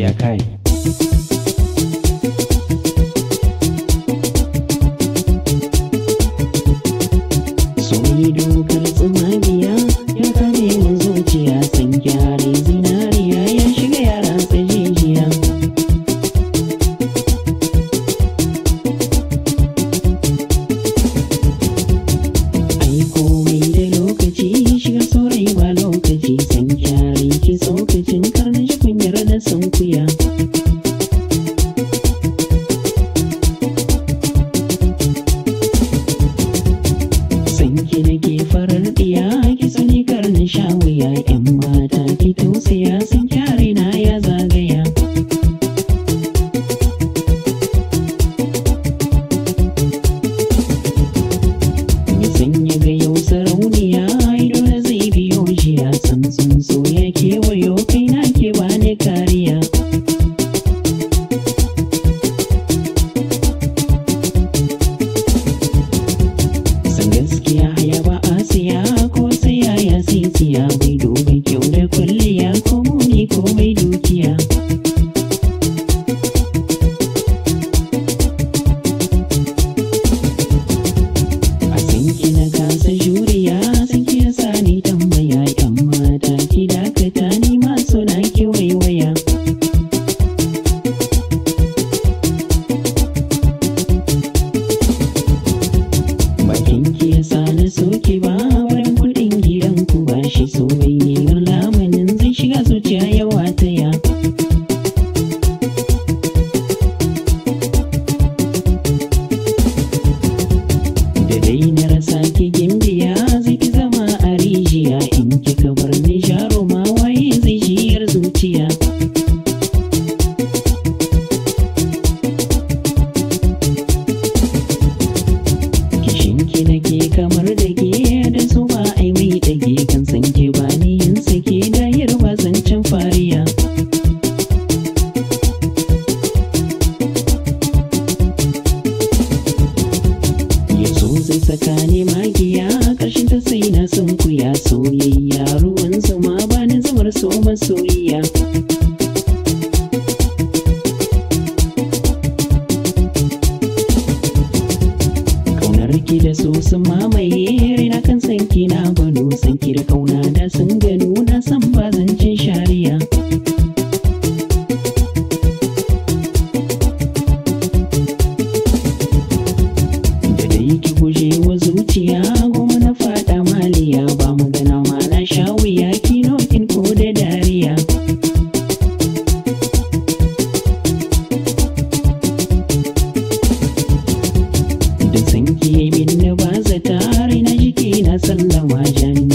ya kai soyayya dokar tsamani mai kyau da kwalliya ko muni ko mai dukiya Indonesia masoyiya. Kaunar ki da su sun mamaye na kan sanki na bano sanki da kauna da sun gano na san ba sallama jami'a